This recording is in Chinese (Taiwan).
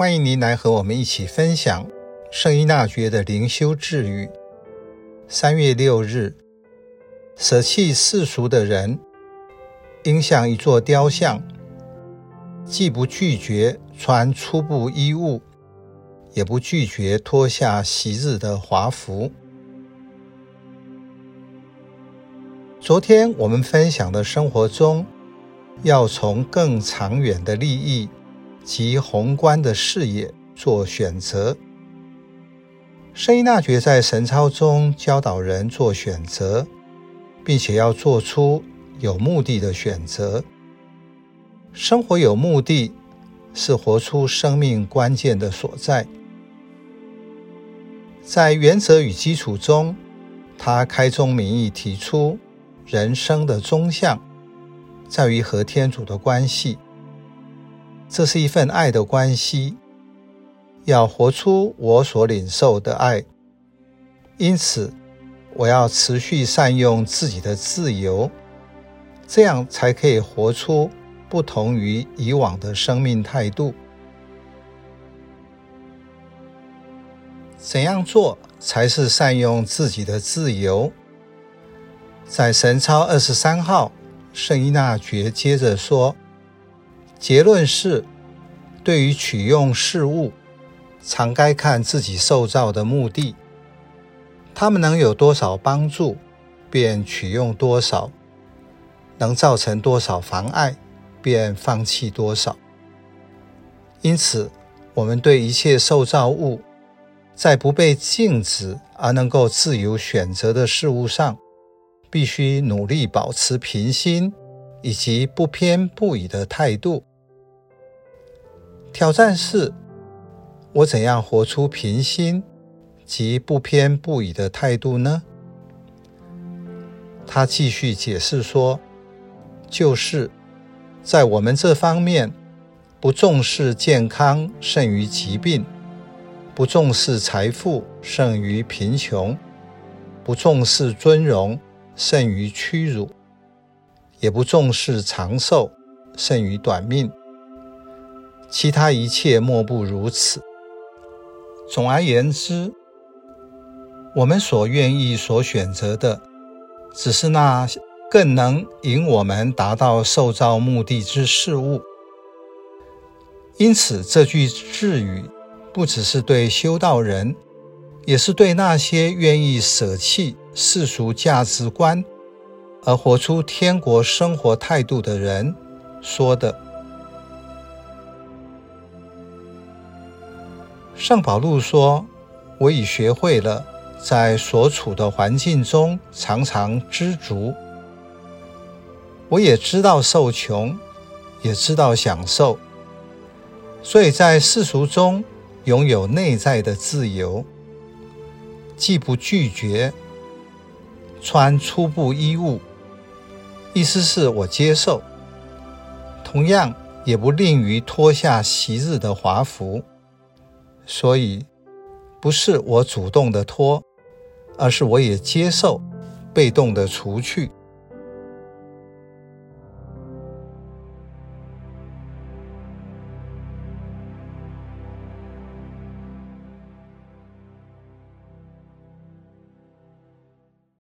歡迎您來和我們一起分享聖依納爵的靈修智語。三月六日，捨棄世俗的人，應像一座雕像，既不拒絕穿粗布衣物，也不拒絕脫下昔日的華服。昨天我們分享的生活中，要從更長遠的利益。及宏觀的視野做選擇。聖依納爵在神操中教導人做選擇，並且要做出有目的的選擇。生活有目的，是活出生命關鍵的所在。在原則與基礎中，他開宗明義提出，人生的終向在於和天主的關係。這是一份愛的關係，要活出我所領受的愛，因此我要持續善用自己的自由，這樣才可以活出不同於以往的生命態度。怎樣做才是善用自己的自由？在神操二十三號，聖依納爵接着說。結論是，對於取用世物，常該看自己受造的目的，它們能有多少幫助，便取用多少；能造成多少妨礙，便放棄多少。因此，我們對一切受造物，在不被禁止而能夠自由選擇的事物上，必須努力保持平心，以及不偏不倚的態度。挑戰是：我怎樣活出平心及不偏不倚的態度呢？他繼續解釋說：“就是在我們這方面，不重視健康甚於疾病，不重視財富甚於貧窮，不重視尊榮甚於屈辱，也不重視長壽甚於短命。”其他一切莫不如此。總而言之，我們所願意、所選擇的，只是那更能引我們達到受造目的之事物。因此，這句智語不只是對修道人，也是對那些願意捨棄世俗價值觀而活出天國生活態度的人說的。聖保祿說：“我已學會了在所處的環境中常常知足。我也知道受窮，也知道享受，所以在世俗中擁有內在的自由。既不拒絕穿粗布衣物，意思是我接受；同樣，也不吝於脫下昔日的華服。”所以，不是我主動的脫，而是我也接受被動的除去。